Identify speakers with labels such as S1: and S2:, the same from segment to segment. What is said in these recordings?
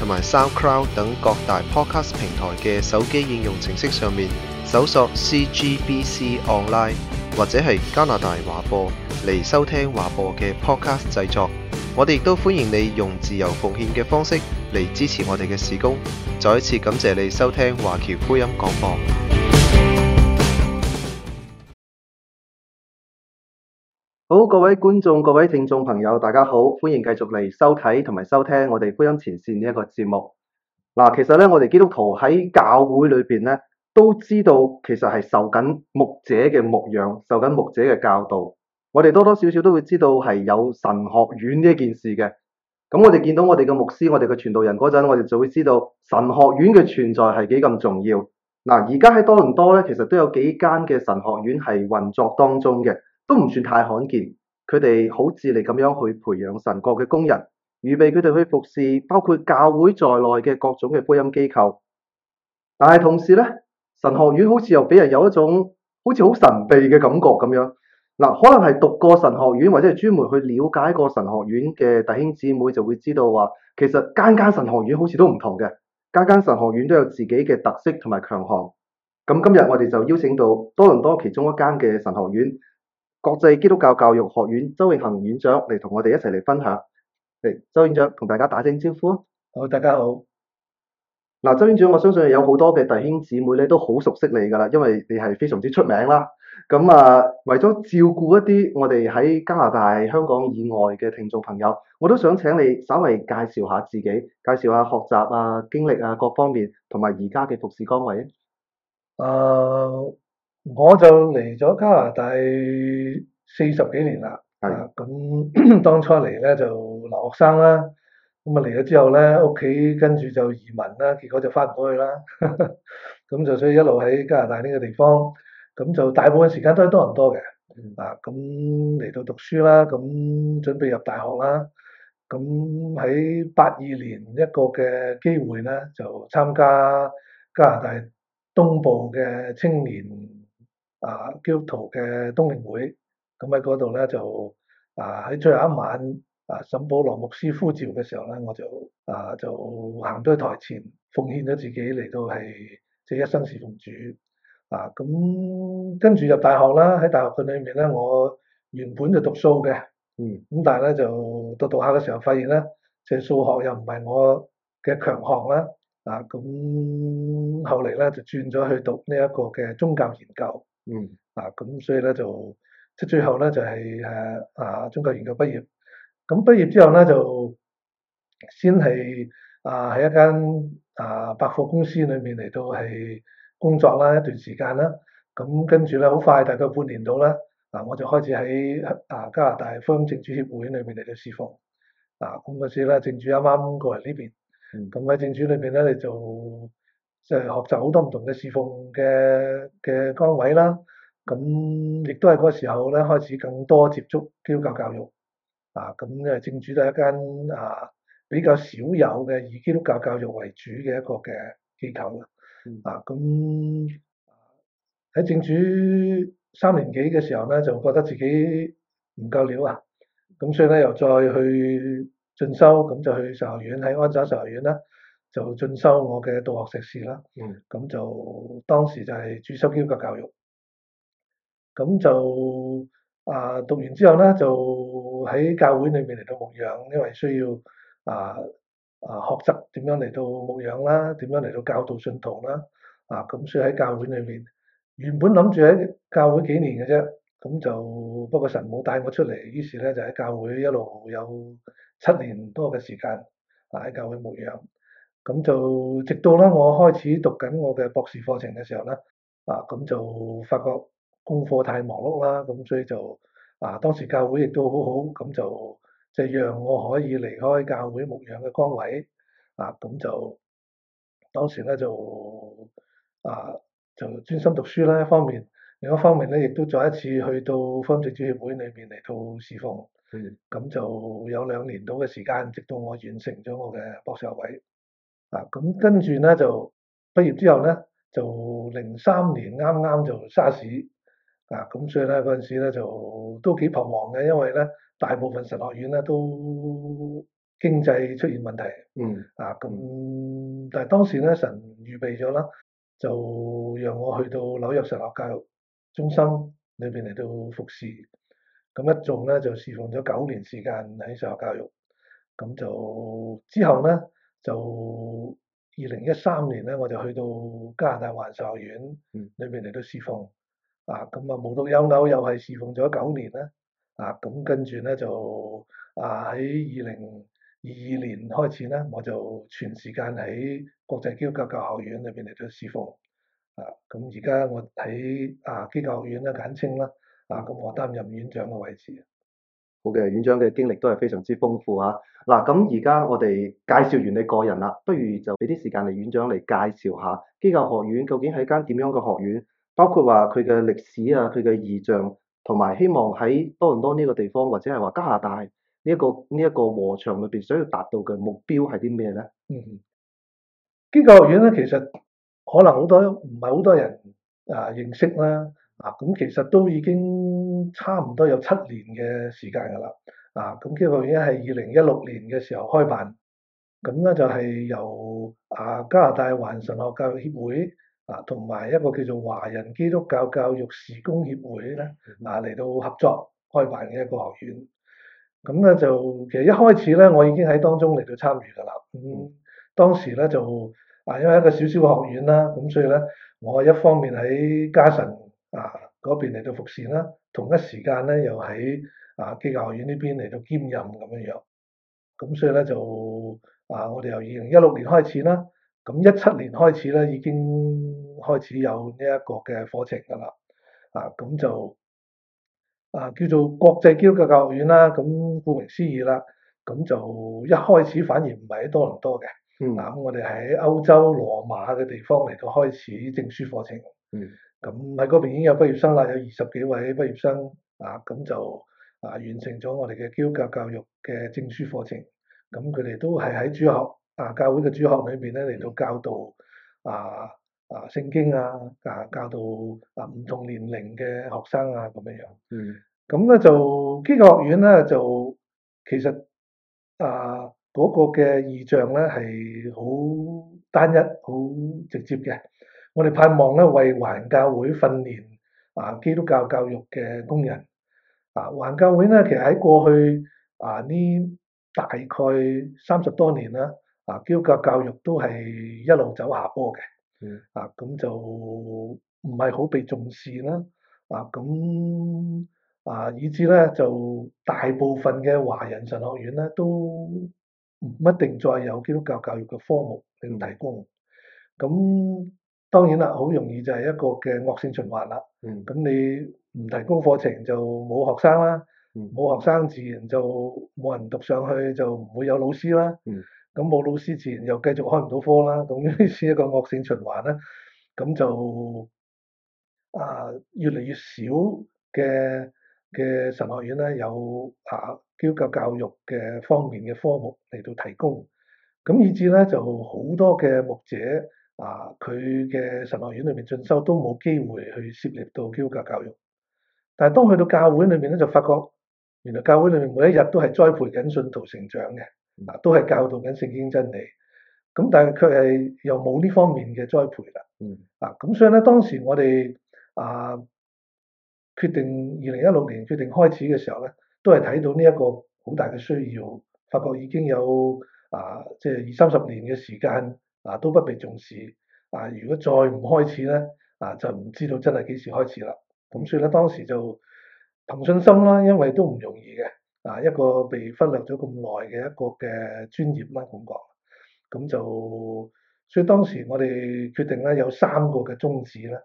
S1: 同埋 SoundCloud 等各大 Podcast 平台嘅手機應用程式上面搜索 CGBC Online 或者係加拿大華播嚟收聽華播嘅 Podcast 製作。我哋亦都歡迎你用自由奉獻嘅方式嚟支持我哋嘅事工。再一次感謝你收聽華僑福音廣播。好，各位觀眾、各位聽眾朋友，大家好，歡迎繼續嚟收睇同埋收聽我哋福音前線呢一個節目。嗱，其實咧，我哋基督徒喺教會裏邊咧，都知道其實係受緊牧者嘅牧養，受緊牧者嘅教導。我哋多多少少都會知道係有神學院呢一件事嘅。咁我哋見到我哋嘅牧師，我哋嘅傳道人嗰陣，我哋就會知道神學院嘅存在係幾咁重要。嗱，而家喺多倫多咧，其實都有幾間嘅神學院係運作當中嘅。都唔算太罕見，佢哋好自力咁樣去培養神國嘅工人，預備佢哋去服侍，包括教會在內嘅各種嘅福音機構。但係同時咧，神學院好似又俾人有一種好似好神秘嘅感覺咁樣。嗱，可能係讀過神學院或者係專門去了解過神學院嘅弟兄姊妹就會知道話，其實間間神學院好似都唔同嘅，間間神學院都有自己嘅特色同埋強項。咁今日我哋就邀請到多倫多其中一間嘅神學院。國際基督教教育學院鄒永恆院長嚟同我哋一齊嚟分享。嚟，鄒院長同大家打聲招呼。好，大家好。嗱，鄒院長，我相信有好多嘅弟兄姊妹咧都好熟悉你噶啦，因為你係非常之出名啦。咁啊，為咗照顧一啲我哋喺加拿大、香港以外嘅聽眾朋友，我都想請你稍微介紹下自己，介紹下學習啊、經歷啊各方面，同埋而家嘅服侍崗位啊。誒、uh。
S2: 我就嚟咗加拿大四十幾年啦，咁的、啊、 當初嚟咧就留學生啦，咁啊嚟咗之後咧屋企跟住就移民啦，結果就翻唔過去啦，咁 就所以一路喺加拿大呢個地方，咁就大部分時間都係多倫多嘅，啊咁嚟到讀書啦，咁準備入大學啦，咁喺八二年一個嘅機會咧就參加加拿大東部嘅青年，啊，基督徒嘅冬令會，咁喺嗰度咧就啊喺最後一晚啊，沈保羅牧師呼召嘅時候咧，我就啊就行到台前，奉獻咗自己嚟到係即係一生侍奉主啊。咁跟住入大學啦，喺大學嘅裏面咧，我原本就讀數嘅，嗯，咁但係咧就到讀讀下嘅時候發現咧，即係數學又唔係我嘅強項啦，啊，咁後嚟咧就轉咗去讀呢一個嘅宗教研究。嗯啊，咁所以咧就即係最後咧就係、是、誒啊，中國研究畢業，咁畢業之後咧就先係啊喺一間啊百貨公司裏面嚟到係工作啦一段時間啦，咁、啊、跟住咧好快，大概半年到啦，嗱、啊、我就開始喺啊加拿大方正主協會裏面嚟到侍奉，嗱咁嗰時咧，正主啱啱過嚟呢邊，咁喺正主裏邊咧嚟做。你就就係學習好多唔同嘅侍奉嘅嘅崗位啦，咁亦都係嗰個時候咧開始更多接觸基督教教育啊，咁因為正主都係一間啊比較少有嘅以基督教教育為主嘅一個嘅機構啦，嗯、啊咁喺正主三年幾嘅時候咧就覺得自己唔夠料啊，咁所以咧又再去進修，咁就去神學院喺安省神學院啦。就進修我嘅道學碩士啦，咁、嗯、就當時就係主修基督教教育，咁就啊讀完之後咧，就喺教會裏面嚟到牧養，因為需要啊啊學習點樣嚟到牧養啦，點樣嚟到教導信徒啦，啊咁、啊、所以喺教會裏面，原本諗住喺教會幾年嘅啫，咁就不過神冇帶我出嚟，於是咧就喺教會一路有七年多嘅時間，嗱、啊、喺教會牧養。咁就直到啦，我開始讀緊我嘅博士課程嘅時候咧，啊咁就發覺功課太忙碌啦，咁所以就啊當時教會亦都好好，咁就即係讓我可以離開教會牧養嘅崗位，啊咁就當時咧就啊就專心讀書啦一方面，另一方面咧亦都再一次去到方正主協會裏面嚟做事奉，咁就有兩年度嘅時間，直到我完成咗我嘅博士學位。啊，咁跟住咧就畢業之後咧，就零三年啱啱就沙士。啊，咁所以咧嗰陣時咧就都幾彷徨嘅，因為咧大部分神學院咧都經濟出現問題。嗯。啊，咁但係當時咧神預備咗啦，就讓我去到紐約神學教育中心裏邊嚟到服侍。咁一做咧就侍奉咗九年時間喺神學教育。咁就之後咧。就二零一三年咧，我就去到加拿大環球學院裏邊嚟到侍奉。啊咁，啊，無獨有偶又係侍奉咗九年啦，啊咁、啊、跟住咧就啊喺二零二二年開始咧，我就全時間喺國際基督教教學院裏邊嚟到侍奉。啊咁而家我喺啊基教學院咧簡稱啦，啊咁我擔任院長嘅位置。
S1: 好嘅，院長嘅經歷都係非常之豐富吓、啊。嗱、啊，咁而家我哋介紹完你個人啦，不如就俾啲時間嚟,院長嚟介紹下基教學院究竟係一間點樣嘅學院，包括話佢嘅歷史啊、佢嘅異象，同埋希望喺多倫多呢個地方或者係話加拿大呢、這、一個呢一、這個禾場裏邊，所要達到嘅目標，係啲咩咧？嗯，基教學院咧，其實可能好多唔係好多人啊認識啦。
S2: 啊，咁其實都已經。差唔多有七年嘅時間噶啦，啊咁呢個學院係二零一六年嘅時候開辦，咁咧就係由啊加拿大華人神學教育協會啊同埋一個叫做華人基督教教育事工協會咧，嗱嚟到合作開辦嘅一個學院，咁咧就其實一開始咧我已經喺當中嚟到參與噶啦，咁、嗯、當時咧就啊因為一個小小嘅學院啦，咁所以咧我一方面喺加神啊。嗰邊嚟到服侍啦，同一時間咧又喺啊，基教學院呢邊嚟到兼任咁樣樣，咁所以咧就啊，我哋由二零一六年開始啦，咁一七年開始咧已經開始有呢一個嘅課程噶啦，啊咁就啊叫做國際基督教教育學院啦，咁顧名思義啦，咁就一開始反而唔係喺多倫多嘅，嗱、嗯啊、我哋喺歐洲羅馬嘅地方嚟到開始證書課程。嗯。咁喺嗰邊已經有畢業生啦，有二十幾位畢業生啊，咁就啊完成咗我哋嘅基督教教育嘅證書課程。咁佢哋都係喺主學啊教會嘅主學裏邊咧嚟到教導啊啊聖經啊啊教導啊唔同年齡嘅學生啊咁樣樣。嗯。咁咧就基教學院咧就其實啊嗰個嘅異象咧係好單一、好直接嘅。我哋盼望咧，為環教會訓練啊基督教教育嘅工人。啊，環教會咧，其實喺過去啊呢大概三十多年啦，啊基督教教育都係一路走下坡嘅。嗯。啊，咁就唔係好被重視啦。啊，咁啊，以至咧就大部分嘅華人神學院咧都唔一定再有基督教教育嘅科目嚟提供。咁、啊當然啦，好容易就係一個嘅惡性循環啦。咁、嗯、你唔提供課程就冇學生啦，冇、嗯、學生自然就冇人讀上去，就唔會有老師啦。咁冇、嗯、老師自然又繼續開唔到科啦，於是一個惡性循環啦。咁就啊，越嚟越少嘅嘅神學院咧，有啊基督教教育嘅方面嘅科目嚟到提供。咁以至咧就好多嘅牧者，啊！佢嘅神學院裏面進修都冇機會去涉獵到基督教教育，但係當去到教會裏面咧，就發覺原來教會裏面每一日都係栽培緊信徒成長嘅，嗱都係教導緊聖經真理，咁但係卻係又冇呢方面嘅栽培啦。嗯，咁所以咧，當時我哋啊決定二零一六年決定開始嘅時候咧，都係睇到呢一個好大嘅需要，發覺已經有啊即係二三十年嘅時間。嗱，都不被重視。嗱，如果再唔開始呢，嗱就唔知道真係幾時開始啦。咁所以呢，當時就憑信心啦，因為都唔容易嘅。嗱，一個被忽略咗咁耐嘅一個嘅專業啦，咁講。咁就所以當時我哋決定咧，有三個嘅宗旨咧。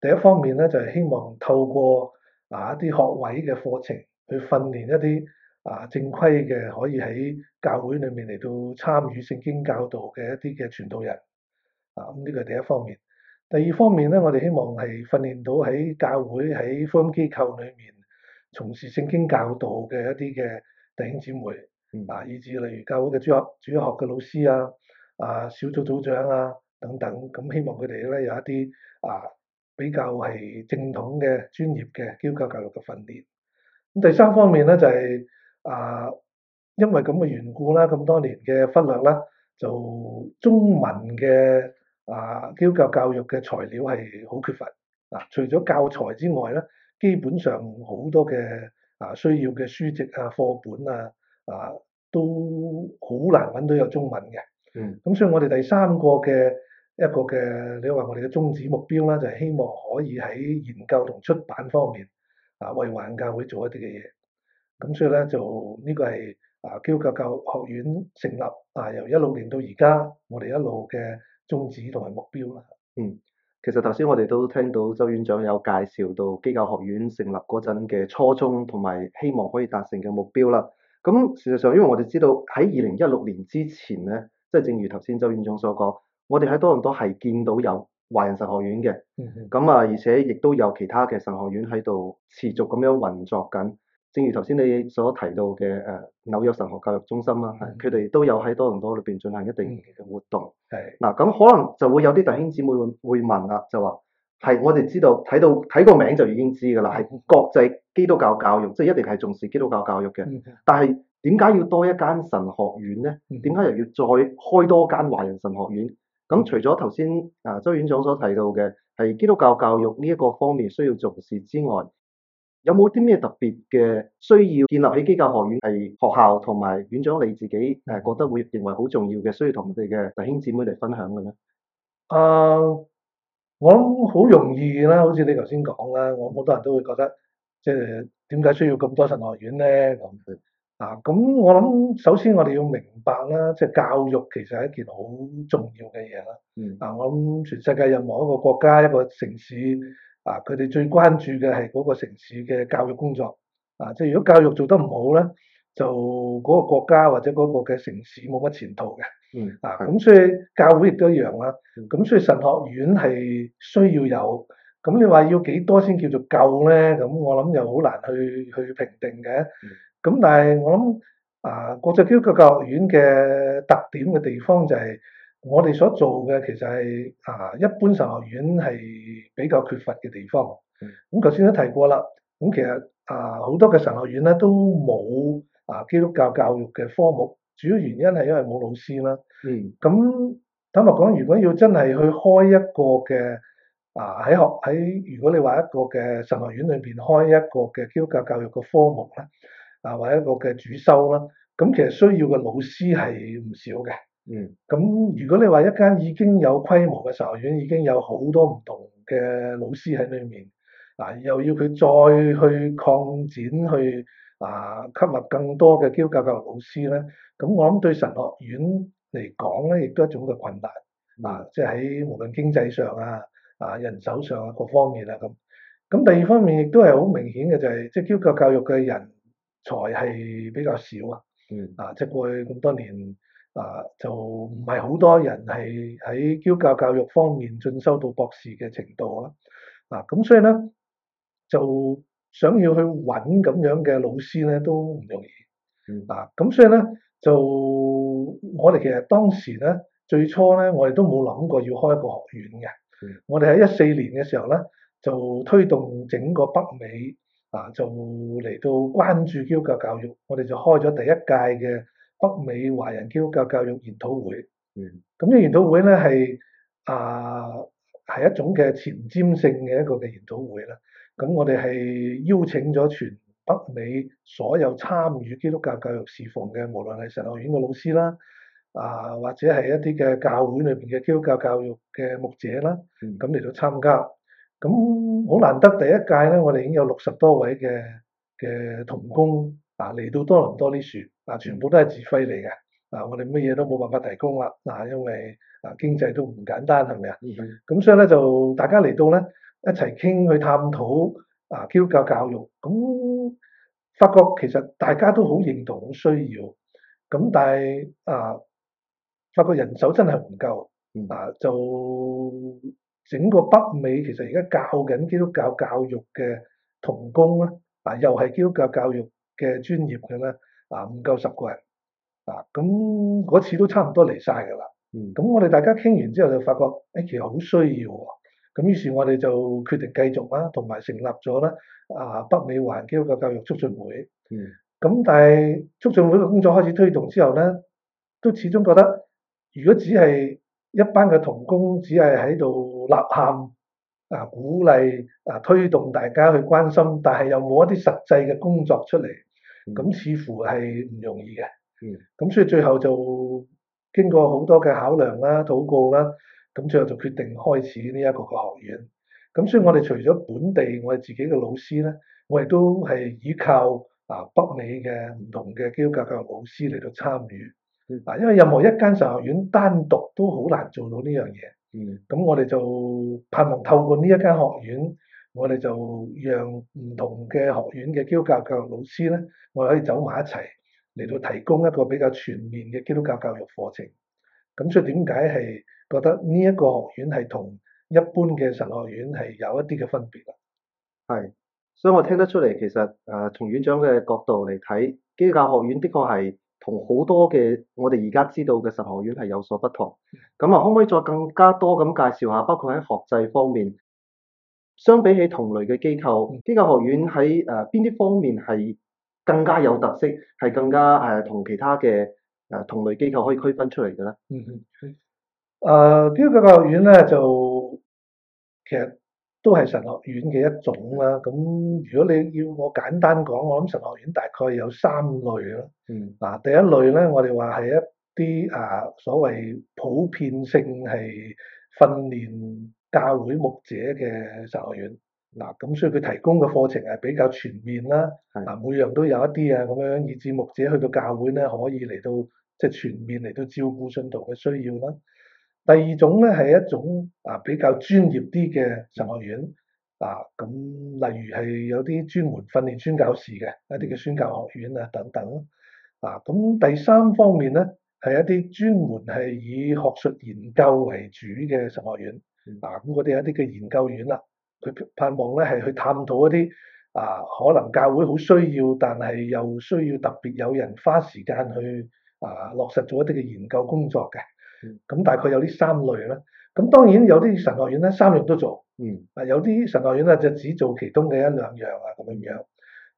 S2: 第一方面咧，就係希望透過嗱一啲學位嘅課程去訓練一啲。啊，正規嘅可以喺教會裏面嚟到參與聖經教導嘅一啲嘅傳道人啊，咁、這、呢個係第一方面。第二方面咧，我哋希望係訓練到喺教會喺福音機構裏面從事聖經教導嘅一啲嘅弟兄姊妹啊，以至例如教會嘅主學、主學嘅老師啊、啊小組組長啊等等，咁、啊、希望佢哋咧有一啲啊比較係正統嘅專業嘅基督教教育嘅訓練。咁、啊、第三方面咧就係、是。啊，因為咁嘅緣故啦，咁多年嘅忽略啦，就中文嘅啊，基教教育嘅材料係好缺乏。嗱、啊，除咗教材之外咧，基本上好多嘅啊需要嘅書籍啊、課本啊啊，都好難搵到有中文嘅。嗯。咁所以我哋第三個嘅一個嘅，你話我哋嘅宗旨目標咧，就係、是、希望可以喺研究同出版方面啊，為環球教會做一啲嘅嘢。咁所以咧就呢個係啊，基督教學院成立啊，由一六年到而家，我哋一路嘅宗旨同埋目標啦。嗯，
S1: 其實頭先我哋都聽到鄒院長有介紹到基教學院成立嗰陣嘅初衷同埋希望可以達成嘅目標啦。咁事實上，因為我哋知道喺二零一六年之前咧，即係正如頭先鄒院長所講，我哋喺多倫多係見到有華人神學院嘅，咁啊，而且亦都有其他嘅神學院喺度持續咁樣運作緊。正如頭先你所提到嘅誒紐約神學教育中心啦，佢哋的都有喺多倫多裏邊進行一定嘅活動。係嗱咁，啊、可能就會有啲弟兄姊妹會問啦、啊，就話係我哋知道睇到睇個名就已經知㗎啦，係國際基督教教育，即係一定係重視基督教教育嘅。但係點解要多一間神學院呢？點解的又要再開多間華人神學院？咁的除咗頭先啊鄒院長所提到嘅係基督教教育呢一個方面需要重視之外，有冇啲咩特別嘅需要建立起基教學院係學校，同埋院長你自己誒覺得會認為好重要嘅，需要同我哋嘅弟兄姊妹嚟分享嘅咧？
S2: 啊、uh，我諗好容易啦，好似你頭先講啦，我好多人都會覺得即係點解需要咁多神學院咧咁啊？咁我諗首先我哋要明白啦，即係教育其實係一件好重要嘅嘢啦。嗯。啊，我諗全世界任何一個國家一個城市。啊！佢哋最關注嘅係嗰個城市嘅教育工作。啊，即係如果教育做得唔好咧，就嗰個國家或者嗰個嘅城市冇乜前途嘅。嗯、啊，咁所以教會亦都一樣啦、啊。咁、嗯、所以神學院係需要有。咁你話要幾多先叫做夠咧？咁我諗又好難去去評定嘅。咁、嗯、但係我諗，啊，國際基督教學院嘅特點嘅地方就係、是。我哋所做嘅其實係啊，一般神學院係比較缺乏嘅地方。咁頭先都提過啦。咁其實啊，好多嘅神學院咧都冇啊基督教教育嘅科目，主要原因係因為冇老師啦。咁坦白講，如果要真係去開一個嘅啊喺學喺，如果你話一個嘅神學院裏邊開一個嘅基督教教育嘅科目啦，啊，或者一個嘅主修啦，咁其實需要嘅老師係唔少嘅。嗯，咁如果你話一間已經有規模嘅神學院已經有好多唔同嘅老師喺裏面，嗱、啊、又要佢再去擴展去啊吸納更多嘅基督教教育老師咧，咁我諗對神學院嚟講咧，亦都係一種嘅困難，嗱、嗯，即係喺無論經濟上啊、啊人手上啊各方面啦、啊、咁。咁第二方面亦都係好明顯嘅、就是，就係即係基督教教育嘅人才係比較少啊，嗯，啊即係、就是、過去咁多年。啊，就唔係好多人係喺基教教育方面進修到博士嘅程度啦。啊，咁所以咧就想要去揾咁樣嘅老師咧都唔容易。啊，咁所以咧就我哋其實當時咧最初咧我哋都冇諗過要開一個學院嘅。的我哋喺一四年嘅時候咧就推動整個北美啊，就嚟到關注基教教育，我哋就開咗第一屆嘅北美華人基督教教育研討會，咁呢、嗯、研討會咧係啊係一種嘅前瞻性嘅一個嘅研討會啦。咁我哋係邀請咗全北美所有參與基督教教，教育事奉嘅，無論係神學院嘅老師啦，啊或者係一啲嘅教會裏邊嘅基督教教育嘅牧者啦，咁嚟到參加。咁好難得第一屆咧，我哋已經有六十多位嘅嘅同工啊嚟到多倫多呢處。啊！全部都係自費嚟嘅，嗱、嗯啊、我哋乜嘢都冇辦法提供啦，嗱、啊、因為嗱經濟都唔簡單，係咪啊？咁、嗯、所以咧就大家嚟到咧一齊傾去探討啊基督教教育，咁、啊、發覺其實大家都好認同，好需要，咁但係啊發覺人手真係唔夠，嗱、啊、就整個北美其實而家教緊基督教教育嘅同工咧，嗱、啊、又係基督教教育嘅專業嘅咧。嗱，唔夠十個人，嗱咁嗰次都差唔多嚟晒㗎啦。嗯，咁我哋大家傾完之後就發覺，誒、欸、其實好需要喎。咁於是，我哋就決定繼續啦、啊，同埋成立咗啦，啊北美環區嘅教育促進會。嗯。咁但係促進會嘅工作開始推動之後咧，都始終覺得，如果只係一班嘅同工只係喺度呐喊啊鼓勵啊推動大家去關心，但係又冇一啲實際嘅工作出嚟。咁似乎係唔容易嘅，咁、嗯、所以最後就經過好多嘅考量啦、禱告啦，咁最後就決定開始呢一個個學院。咁所以我哋除咗本地我哋自己嘅老師咧，我亦都係依靠啊北美嘅唔同嘅基督教教育老師嚟到參與。嗱、嗯，因為任何一間神學院單獨都好難做到呢樣嘢。咁、嗯、我哋就盼望透過呢一間學院。我哋就讓唔同嘅學院嘅基督教教育老師咧，我哋可以走埋一齊嚟到提供一個比較全面嘅基督教教育課程。咁所以點解係覺得呢一個學院係同一般嘅神學院係有一啲嘅分別啊？
S1: 係，所以我聽得出嚟，其實誒、呃，從院長嘅角度嚟睇，基督教學院的確係同好多嘅我哋而家知道嘅神學院係有所不同。咁啊，可唔可以再更加多咁介紹下，包括喺學制方面？相比起同類嘅機構，基教學院喺誒邊啲方面係更加有特色，係更加誒、呃、同其他嘅誒、呃、同類機構可以區分出嚟嘅咧。嗯嗯嗯。誒、
S2: 呃、基教、這個、學院咧就其實都係神學院嘅一種啦。咁如果你要我簡單講，我諗神學院大概有三類咯。嗯、啊。嗱第一類咧，我哋話係一啲誒、啊、所謂普遍性係訓練。教會牧者嘅神學院，嗱咁所以佢提供嘅課程係比較全面啦，嗱的每樣都有一啲啊咁樣，以致牧者去到教會咧可以嚟到即係、就是、全面嚟到照顧信徒嘅需要啦。第二種咧係一種啊比較專業啲嘅神學院，啊咁例如係有啲專門訓練宣教士嘅一啲嘅宣教學院啊等等，啊咁第三方面咧係一啲專門係以學術研究為主嘅神學院。嗱，咁嗰啲一啲嘅研究院啦，佢盼望咧係去探討一啲啊、呃，可能教會好需要，但係又需要特別有人花時間去啊、呃，落實做一啲嘅研究工作嘅。咁大概有呢三類啦。咁當然有啲神學院咧，三樣都做。嗯。啊，有啲神學院咧就只做其中嘅一兩樣啊，咁樣樣。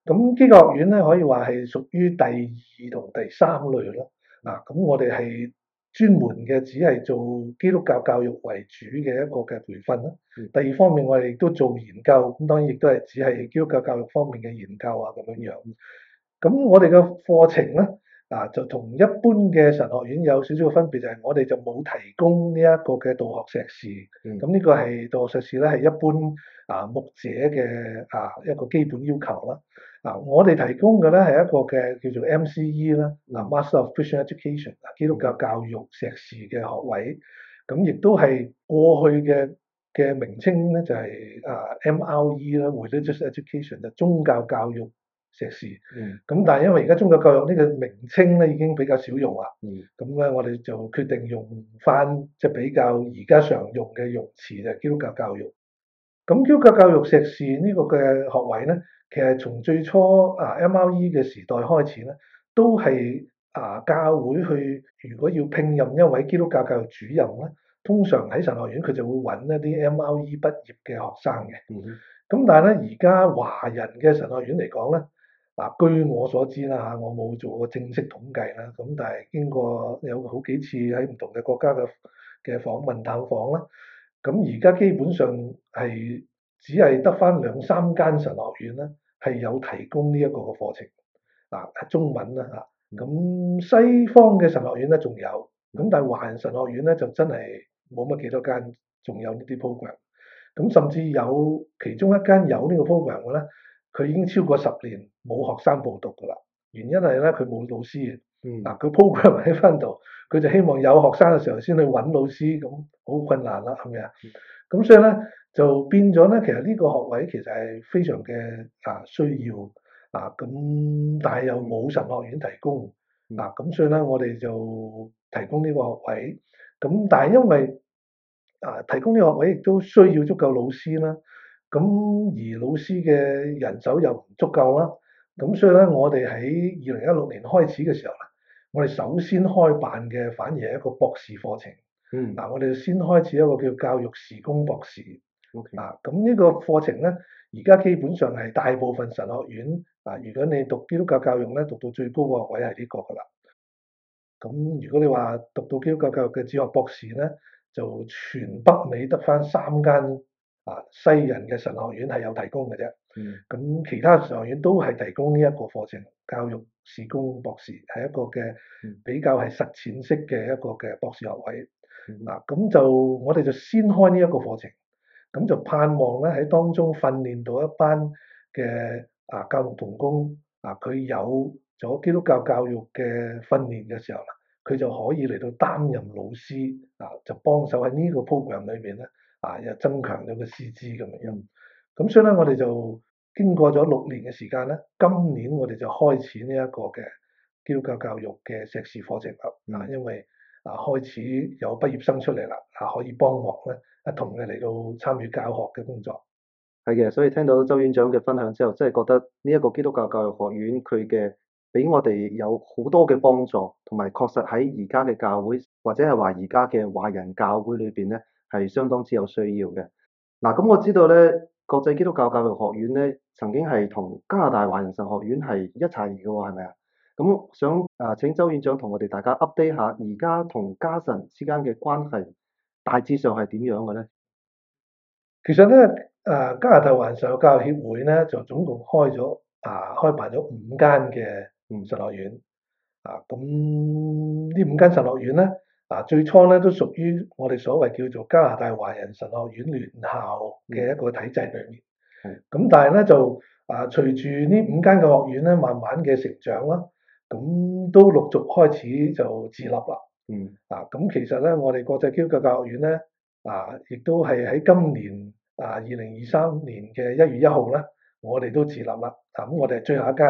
S2: 咁呢個學院咧可以話係屬於第二同第三類咯。嗱，咁我哋係。專門嘅只係做基督教教育為主嘅一個嘅培訓啦。第二方面，我哋亦都做研究，咁當然亦都係只係基督教教育方面嘅研究啊咁樣樣。咁我哋嘅課程咧，嗱、啊、就同一般嘅神學院有少少嘅分別，就係、是、我哋就冇提供呢一個嘅道學碩士。咁呢、嗯、個係道學碩士咧，係一般啊牧者嘅啊一個基本要求啦。嗱，我哋提供嘅咧係一個嘅叫做 MCE 啦，Master of Christian Education，基督教教育碩士嘅學位，咁亦都係過去嘅嘅名稱咧就係 MRE 啦，Religious Education 就宗教教育碩士，咁、嗯、但係因為而家宗教教育呢個名稱咧已經比較少用啊，咁咧、嗯、我哋就決定用返即比較而家常用嘅用詞就基督教教育。咁基督教教育碩士呢個嘅學位咧，其實從最初啊 MRE 嘅時代開始咧，都係啊教會去如果要聘任一位基督教教育主任咧，通常喺神學院佢就會揾一啲 MRE 畢業嘅學生嘅。咁但係咧，而家華人嘅神學院嚟講咧，啊據我所知啦嚇，我冇做過正式統計啦。咁但係經過有好幾次喺唔同嘅國家嘅嘅訪問探訪啦。.咁而家基本上係只係得返兩三間神學院咧，係有提供呢一個課程，啊，中文啦咁、啊啊、西方嘅神學院咧仲有，咁但係華人神學院咧就真係冇乜幾多間，仲有呢啲 program，咁、啊、甚至有其中一間有呢個 program 嘅呢，佢已經超過十年冇學生報讀㗎啦。原因係咧，佢冇老師。嗯。嗱，佢 program 喺翻度，佢就希望有學生嘅時候先去揾老師，咁好困難啦，係咪啊？咁、嗯、所以咧就變咗咧，其實呢個學位其實係非常嘅啊需要啊咁，但係又冇神學院提供。嗱、啊、咁所以咧，我哋就提供呢個學位。咁但係因為啊提供呢個學位亦都需要足夠老師啦，咁、啊、而老師嘅人手又唔足夠啦。咁所以咧，我哋喺二零一六年開始嘅時候，我哋首先開辦嘅反而係一個博士課程。嗯，嗱，我哋先開始一個叫教育時工博士。OK。嗱，咁呢個課程咧，而家基本上係大部分神學院啊，如果你讀基督教教育咧，讀到最高嘅學位係呢個噶啦。咁如果你話讀到基督教教育嘅哲學博士咧，就全北美得翻三間。啊！西人嘅神學院係有提供嘅啫，咁、嗯、其他神學院都係提供呢一個課程，教育事工博士係一個嘅比較係實踐式嘅一個嘅博士學位。嗱咁、嗯、就我哋就先開呢一個課程，咁就盼望咧喺當中訓練到一班嘅啊教育同工，啊佢有咗基督教教育嘅訓練嘅時候啦，佢就可以嚟到擔任老師，啊就幫手喺呢個 program 裏面。咧。啊！又增強咗個師資咁嘅，咁所以咧，我哋就經過咗六年嘅時間咧，今年我哋就開始呢一個嘅基督教教育嘅碩士課程啦。啊，因為啊，開始有畢業生出嚟啦，啊，可以幫忙咧，一同嘅嚟到參與教學嘅工作。
S1: 係嘅，所以聽到鄒院長嘅分享之後，真係覺得呢一個基督教教，教育學院佢嘅俾我哋有好多嘅幫助，同埋確實喺而家嘅教會，或者係話而家嘅華人教會裏邊咧。係相當之有需要嘅。嗱、啊，咁我知道咧，國際基督教教育學院咧，曾經係同加拿大華人神學院係一齊嘅喎，係咪啊？咁想啊，請鄒院長同我哋大家 update 下，而家同加神之間嘅關係大致上係點樣嘅咧？其實咧，
S2: 啊加拿大華人神學教育協會咧，就總共開咗啊開辦咗五間嘅神學院。啊，咁呢五間神學院咧，嗱，最初咧都屬於我哋所謂叫做加拿大華人神學院聯校嘅一個體制裏面。咁、嗯、但係咧就啊，隨住呢五間嘅學院咧慢慢嘅成長啦，咁、啊、都陸續開始就自立啦。嗯。嗱、啊，咁其實咧，我哋國際基督教教育學院咧，啊，亦都係喺今年啊二零二三年嘅一月一號咧，我哋都自立啦。咁、啊、我哋最後一間，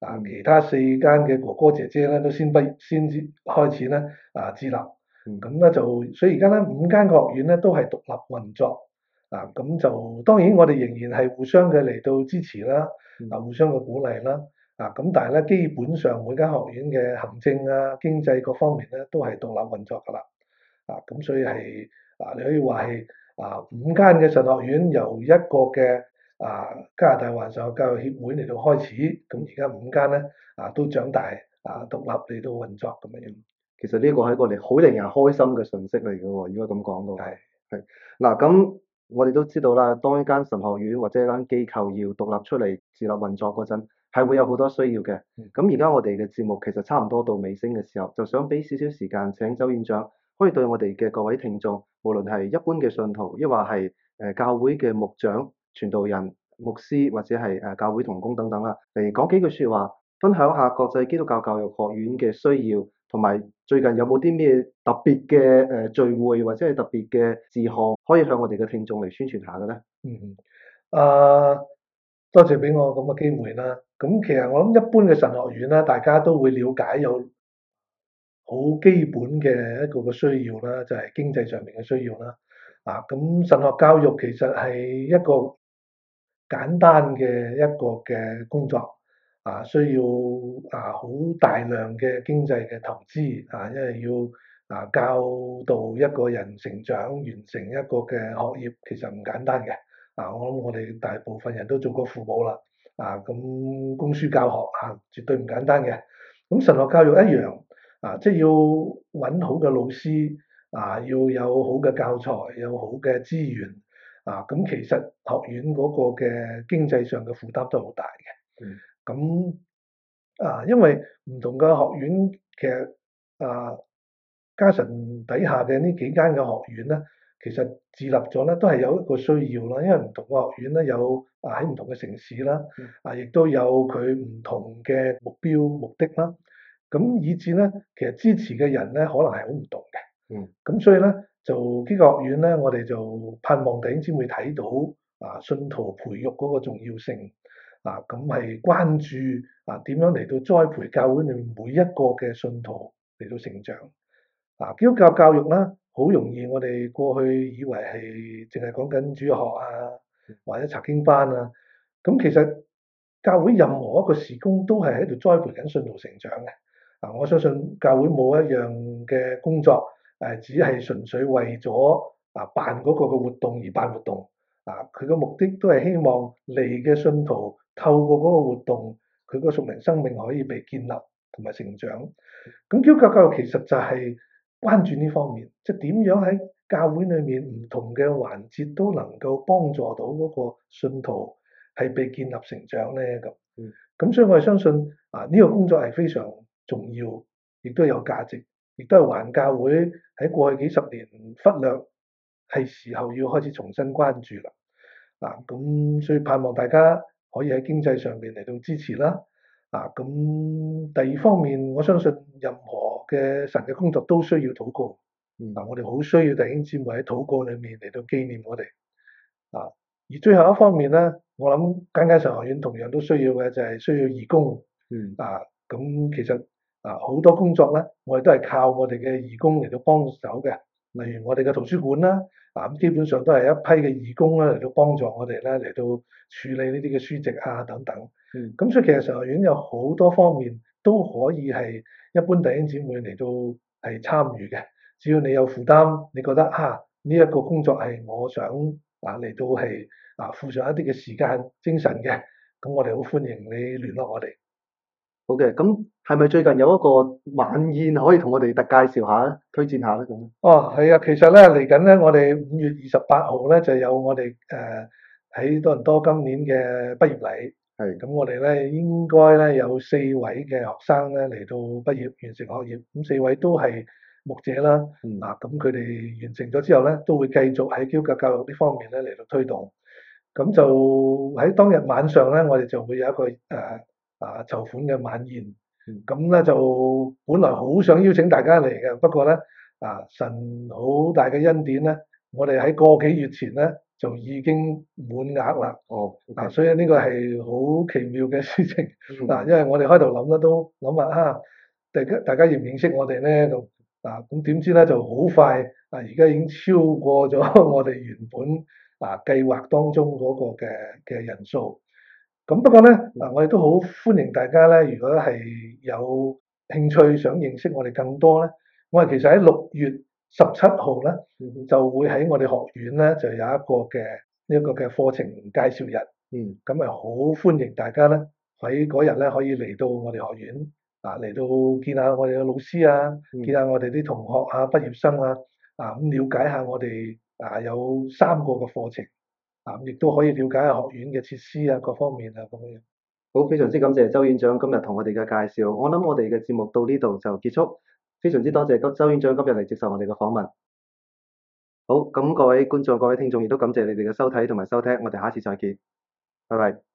S2: 啊，其他四間嘅哥哥姐姐咧都先不先至開始咧啊自立。咁咧、嗯、就，所以而家咧五間嘅學院咧都係獨立運作，啊咁就當然我哋仍然係互相嘅嚟到支持啦、嗯，啊互相嘅鼓勵啦，啊咁但係咧基本上每間學院嘅行政啊、經濟各方面咧都係獨立運作㗎啦，啊咁所以係啊你可以話係啊五間嘅神學院由一個嘅啊加拿大環上教育協會嚟到開始，咁而家五間咧啊都長大啊獨立
S1: 嚟到運作咁樣。啊其實呢個係一個好令人開心嘅信息嚟嘅喎，如果咁講到，係係嗱，咁我哋都知道啦，當一間神學院或者一間機構要獨立出嚟自立運作嗰陣，係會有好多需要嘅。咁而家我哋嘅節目其實差唔多到尾聲嘅時候，就想俾少少時間，請鄒院長可以對我哋嘅各位聽眾，無論係一般嘅信徒，亦或係誒教會嘅牧長、傳道人、牧師或者係誒教會同工等等啦，嚟講幾句說話，分享下國際基督教教,教育學院嘅需要。同埋最近有冇啲咩特別嘅誒聚會或者係特別嘅事項，可以向我哋嘅聽眾嚟宣傳下嘅咧？嗯，
S2: 啊，多謝俾我咁嘅機會啦。咁其實我諗一般嘅神學院咧，大家都會了解有好基本嘅一個嘅需要啦，就係經濟上面嘅需要啦。啊，咁神學教育其實係一個簡單嘅一個嘅工作。啊，需要啊好大量嘅經濟嘅投資啊，因為要啊教導一個人成長、完成一個嘅學業，其實唔簡單嘅。啊，我諗我哋大部分人都做過父母啦。啊，咁供書教學啊絕對唔簡單嘅。咁神學教育一樣啊，即係要揾好嘅老師啊，要有好嘅教材、有好嘅資源啊。咁其實學院嗰個嘅經濟上嘅負擔都好大嘅。嗯。咁啊，因為唔同嘅學院，其實啊，加神底下嘅呢幾間嘅學院咧，其實自立咗咧，都係有一個需要啦。因為唔同嘅學院咧，有啊喺唔同嘅城市啦，啊，亦都有佢唔同嘅目標目的啦。咁、啊、以至咧，其實支持嘅人咧，可能係好唔同嘅。
S3: 嗯。
S2: 咁所以咧，就呢個學院咧，我哋就盼望頂先會睇到啊，信徒培育嗰個重要性。啊，咁係關注啊，點樣嚟到栽培教會裏面每一個嘅信徒嚟到成長？啊，基督教教育呢，好容易我哋過去以為係淨係講緊主學啊，或者查經班啊，咁、啊、其實教會任何一個事工都係喺度栽培緊信徒成長嘅。啊，我相信教會冇一樣嘅工作誒、啊，只係純粹為咗啊辦嗰個嘅活動而辦活動。啊，佢嘅目的都係希望你嘅信徒。透過嗰個活動，佢嗰個屬靈生命可以被建立同埋成長。咁基督教教育其實就係關注呢方面，即係點樣喺教會裡面唔同嘅環節都能夠幫助到嗰個信徒係被建立成長咧。咁咁所以我係相信啊呢個工作係非常重要，亦都有價值，亦都係還教會喺過去幾十年忽略，係時候要開始重新關注啦。嗱、啊、咁所以盼望大家。可以喺經濟上面嚟到支持啦，啊咁第二方面，我相信任何嘅神嘅工作都需要禱告，嗱、嗯啊、我哋好需要弟兄姊妹喺禱告裏面嚟到紀念我哋，啊而最後一方面咧，我諗間間神學院同樣都需要嘅就係、是、需要義工，嗯啊咁其實啊好多工作咧，我哋都係靠我哋嘅義工嚟到幫手嘅。例如我哋嘅圖書館啦，嗱咁基本上都係一批嘅義工啦嚟到幫助我哋咧，嚟到處理呢啲嘅書籍啊等等。咁、嗯、所以其實上學院有好多方面都可以係一般弟兄姊妹嚟到係參與嘅。只要你有負擔，你覺得嚇呢一個工作係我想啊嚟到係啊付上一啲嘅時間精神嘅，
S1: 咁我哋好歡迎你聯絡我哋。好嘅，咁係咪最近有一個晚宴可以同我哋特介紹下咧，推薦下呢？咁？
S2: 哦，係啊，其實呢，嚟緊呢，我哋五月二十八號呢，就有我哋誒喺多倫多今年嘅畢業禮。係的，我哋呢，應該呢，有四位嘅學生呢嚟到畢業，完成學業。咁四位都係牧者啦。嗱、嗯，咁佢哋完成咗之後呢，都會繼續喺基督教教育呢方面咧嚟到推動。咁就喺當日晚上呢，我哋就會有一個誒。呃啊！籌款嘅晚宴，咁咧就本來好想邀請大家嚟嘅，不過咧，啊神好大嘅恩典咧，我哋喺個幾月前咧就已經滿額啦。哦，嗱、okay，所以呢個係好奇妙嘅事情。嗱、嗯，因為我哋開頭諗咧都諗下啊，大家大家認唔認識我哋咧？就嗱咁點知咧就好快啊！而家已經超過咗我哋原本啊計劃當中嗰個嘅嘅人數。咁不過咧，嗱我哋都好歡迎大家咧，如果係有興趣想認識我哋更多咧，我哋其實喺六月十七號咧，就會喺我哋學院咧就有一個嘅呢一個嘅課程介紹日。嗯，咁啊好歡迎大家咧喺嗰日咧可以嚟到我哋學院啊嚟到見下我哋嘅老師啊，見下我哋啲同學啊畢業生啊，啊咁瞭解下我哋啊有三個嘅課程。亦都可以瞭解下學院嘅設施啊，各方面啊，嗰啲嘢。
S1: 好，非常之感謝鄒院長今日同我哋嘅介紹。我諗我哋嘅節目到呢度就結束。非常之多謝鄒院長今日嚟接受我哋嘅訪問。好，咁各位觀眾、各位聽眾，亦都感謝你哋嘅收睇同埋收聽。我哋下次再見。拜拜。